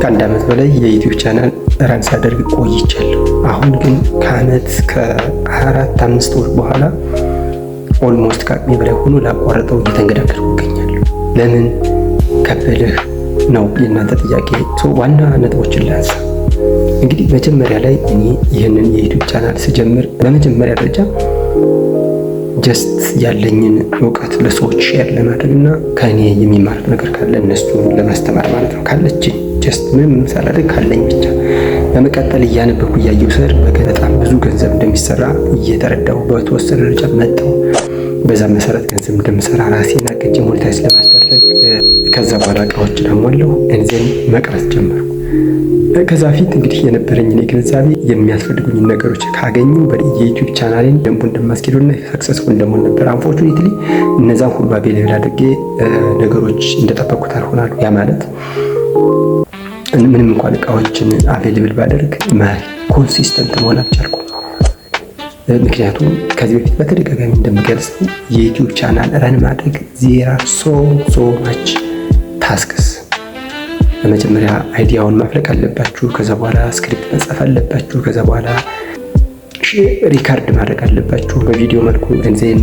ከአንድ ዓመት በላይ የዩቲዩብ ቻናል ራን ሳደርግ ቆይቻለሁ። አሁን ግን ከዓመት ከአራት አምስት ወር በኋላ ኦልሞስት ከአቅሜ በላይ ሆኖ ላቋረጠው እየተንገዳገድኩ ይገኛሉ። ለምን ከበደህ ነው የእናንተ ጥያቄ። ዋና ነጥቦችን ላንሳ። እንግዲህ መጀመሪያ ላይ እኔ ይህንን የዩቲዩብ ቻናል ስጀምር በመጀመሪያ ደረጃ ጀስት ያለኝን እውቀት ለሰዎች ሼር ለማድረግ እና ከእኔ የሚማሩት ነገር ካለ እነሱ ለማስተማር ማለት ነው። ካለችኝ ጀስት ምንም ሳላደርግ ካለኝ ብቻ በመቀጠል እያነበኩ እያየሁ ስር በጣም ብዙ ገንዘብ እንደሚሰራ እየተረዳሁ በተወሰነ ደረጃ መጣሁ። በዛ መሰረት ገንዘብ እንደምሰራ ራሴን አቅጄ ሞኔታይዝ ለማስደረግ ከዛ በኋላ እቃዎችን አሟለሁ እንዚን መቅረት ጀመርኩ። ከዛ ፊት እንግዲህ የነበረኝ እኔ ግንዛቤ የሚያስፈልጉኝ ነገሮች ካገኙ የዩቲዩብ ቻናሌን ደንቡ እንደማስኬዱና ሰክሰስፉ እንደመሆን ነበር። አንፎርቹኔትሊ እነዛን ሁሉ አቬላብል አድርጌ ነገሮች እንደጠበቅኩት አልሆናሉ። ያ ማለት ምንም እንኳን እቃዎችን አቬላብል ባደርግ መል ኮንሲስተንት መሆን አልቻልኩ። ምክንያቱም ከዚህ በፊት በተደጋጋሚ እንደምገልጽ የዩቲዩብ ቻናል ረን ማድረግ ዜራ ሶ ሶ ማች ታስክስ በመጀመሪያ አይዲያውን ማፍለቅ አለባችሁ። ከዛ በኋላ ስክሪፕት መጻፍ አለባችሁ። ከዛ በኋላ ሪካርድ ማድረግ አለባችሁ። በቪዲዮ መልኩ ገንዜን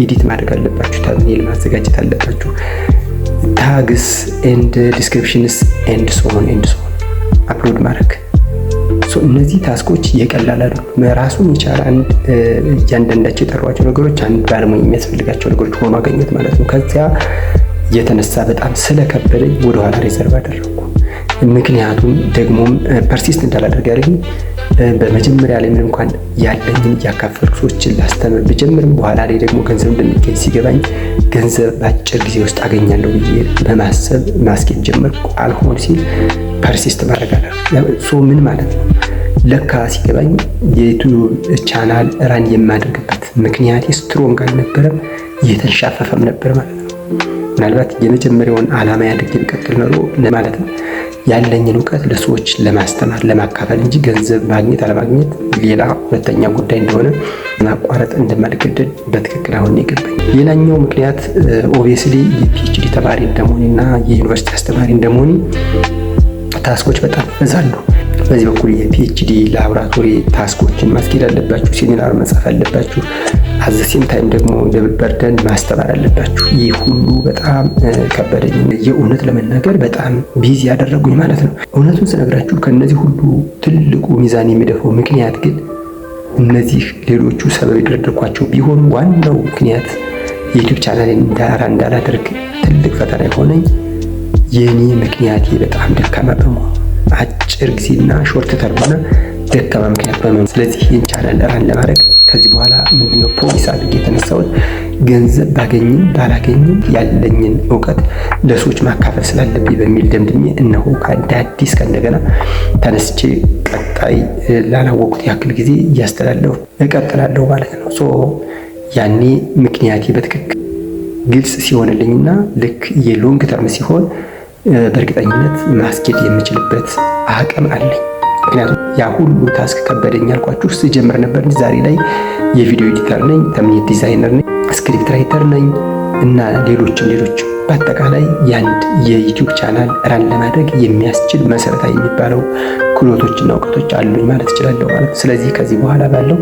ኤዲት ማድረግ አለባችሁ። ታምኔል ማዘጋጀት አለባችሁ። ታግስ ኤንድ ዲስክሪፕሽንስ ኤንድ ሶን ኤንድ ሶን አፕሎድ ማድረግ እነዚህ ታስኮች የቀላል አይደሉም። ራሱን የቻለ አንድ እያንዳንዳቸው የጠሯቸው ነገሮች አንድ ባለሙያ የሚያስፈልጋቸው ነገሮች ሆኖ አገኘት ማለት ነው ከዚያ የተነሳ በጣም ስለከበደኝ ወደኋላ ሪዘርቭ አደረግኩ። ምክንያቱም ደግሞም ፐርሲስት እንዳላደርግ ያደረግኝ በመጀመሪያ ላይ ምን እንኳን ያለኝን እያካፈልኩ ሰዎችን ላስተምር ብጀምርም በኋላ ላይ ደግሞ ገንዘብ እንደሚገኝ ሲገባኝ ገንዘብ በአጭር ጊዜ ውስጥ አገኛለሁ ብዬ በማሰብ ማስኬድ ጀመርኩ። አልሆን ሲል ፐርሲስት ማድረግ ምን ማለት ነው? ለካ ሲገባኝ የዩቲዩብ ቻናል ራን የማደርግበት ምክንያት ስትሮንግ አልነበረም፣ እየተንሻፈፈም ነበር ማለት ነው። ምናልባት የመጀመሪያውን ዓላማ ያድርግ የሚቀጥል ኖሮ ነው ያለኝን እውቀት ለሰዎች ለማስተማር ለማካፈል እንጂ ገንዘብ ማግኘት አለማግኘት ሌላ ሁለተኛ ጉዳይ እንደሆነ ማቋረጥ እንደማልገደድ በትክክል አሁን ይገባኝ። ሌላኛው ምክንያት ኦብቪየስሊ የፒኤችዲ ተማሪ እንደመሆኔ እና የዩኒቨርሲቲ አስተማሪ እንደመሆኔ ታስኮች በጣም እዛሉ። በዚህ በኩል የፒኤችዲ ላቦራቶሪ ታስኮችን ማስኬድ አለባችሁ፣ ሴሚናር መጻፍ አለባችሁ፣ አዘሴም ታይም ደግሞ ደብል በርደን ማስተማር አለባችሁ። ይህ ሁሉ በጣም ከበደኝ። የእውነት ለመናገር በጣም ቢዚ ያደረጉኝ ማለት ነው። እውነቱን ስነግራችሁ ከእነዚህ ሁሉ ትልቁ ሚዛን የሚደፈው ምክንያት ግን እነዚህ ሌሎቹ ሰበብ የደረደርኳቸው ቢሆኑ ዋናው ምክንያት የዩቲዩብ ቻናል እንዳራ እንዳላደርግ ትልቅ ፈተና የሆነኝ የእኔ ምክንያቴ በጣም ደካማ በመሆኑ አጭር ጊዜና ሾርት ተርም ደካማ ምክንያት በመሆኑ ስለዚህ ይህን ቻናል ራን ለማድረግ ከዚህ በኋላ ምንድነው ፖሊስ አድርግ የተነሳሁት ገንዘብ ባገኝም ባላገኝም ያለኝን እውቀት ለሰዎች ማካፈል ስላለብኝ በሚል ደምድሜ እነሆ ከአንድ አዲስ ከእንደገና ተነስቼ ቀጣይ ላላወቁት ያክል ጊዜ እያስተላለሁ እቀጥላለሁ ማለት ነው። ሶ ያኔ ምክንያቴ በትክክል ግልጽ ሲሆንልኝና ልክ የሎንግ ተርም ሲሆን በእርግጠኝነት ማስኬድ የምችልበት አቅም አለኝ። ምክንያቱም ያ ሁሉ ታስክ ከበደኝ ያልኳችሁ ስጀምር ነበር። ዛሬ ላይ የቪዲዮ ኤዲተር ነኝ፣ ተምኔት ዲዛይነር ነኝ፣ ስክሪፕት ራይተር ነኝ እና ሌሎችም ሌሎች በአጠቃላይ የአንድ የዩቲዩብ ቻናል ራን ለማድረግ የሚያስችል መሰረታዊ የሚባለው ክህሎቶችና እውቀቶች አሉኝ ማለት እችላለሁ ማለት። ስለዚህ ከዚህ በኋላ ባለው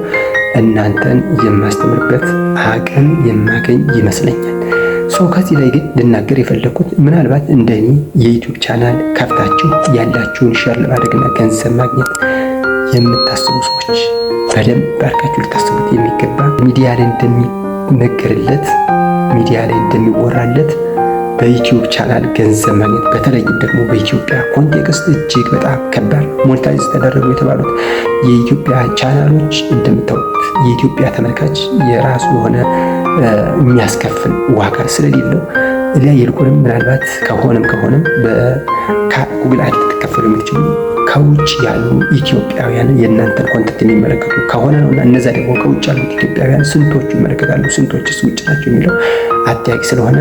እናንተን የማስተምርበት አቅም የማገኝ ይመስለኛል። ሰው ከዚህ ላይ ግን ልናገር የፈለግኩት ምናልባት እኔ የዩቲዩብ ቻናል ከፍታችሁ ያላችሁን ሸር ለማድረግና ገንዘብ ማግኘት የምታስቡ ሰዎች በደንብ ባርካችሁ ልታስቡት የሚገባ ሚዲያ ላይ እንደሚነገርለት ሚዲያ ላይ እንደሚወራለት በዩቲዩብ ቻናል ገንዘብ ማግኘት በተለይም ደግሞ በኢትዮጵያ ኮንቴክስት እጅግ በጣም ከባድ። ሞኔታይዝ ተደረጉ የተባሉት የኢትዮጵያ ቻናሎች እንደምታውቁት የኢትዮጵያ ተመልካች የራሱ የሆነ የሚያስከፍል ዋጋ ስለሌለው እዚያ ይልቁንም ምናልባት ከሆነም ከሆነም በጉግል አድ ልትከፈሉ የምትችሉ ከውጭ ያሉ ኢትዮጵያውያን የእናንተን ኮንተንት የሚመለከቱ ከሆነ ነው እና እነዚያ ደግሞ ከውጭ ያሉት ኢትዮጵያውያን ስንቶቹ ይመለከታሉ፣ ስንቶችስ ውጭ ናቸው የሚለው አጠያቂ ስለሆነ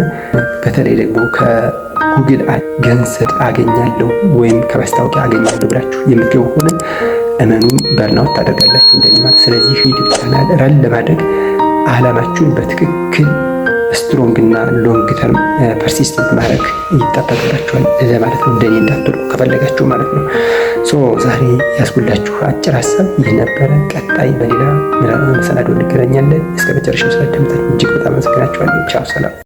በተለይ ደግሞ ከጉግል ገንዘብ አገኛለሁ ወይም ከማስታወቂያ አገኛለሁ ብላችሁ የምትገቡ ከሆነ እመኑን በርናውት ታደርጋላችሁ እንደኔ ስለዚህ ዩቲዩብ ቻናል ረን ለማድረግ አላማችሁን በትክክል ስትሮንግ እና ሎንግ ተርም ፐርሲስተንት ማድረግ ይጠበቅባቸዋል ለማለት ነው። እንደኔ እንዳትሉ ከፈለጋችሁ ማለት ነው። ሶ ዛሬ ያስጎላችሁ አጭር ሀሳብ ይህ ነበረ። ቀጣይ በሌላ መሰናዶ እንገናኛለን። እስከ መጨረሻው ስላዳመጣችሁ እጅግ በጣም አመሰግናችኋለሁ። ቻው፣ ሰላም።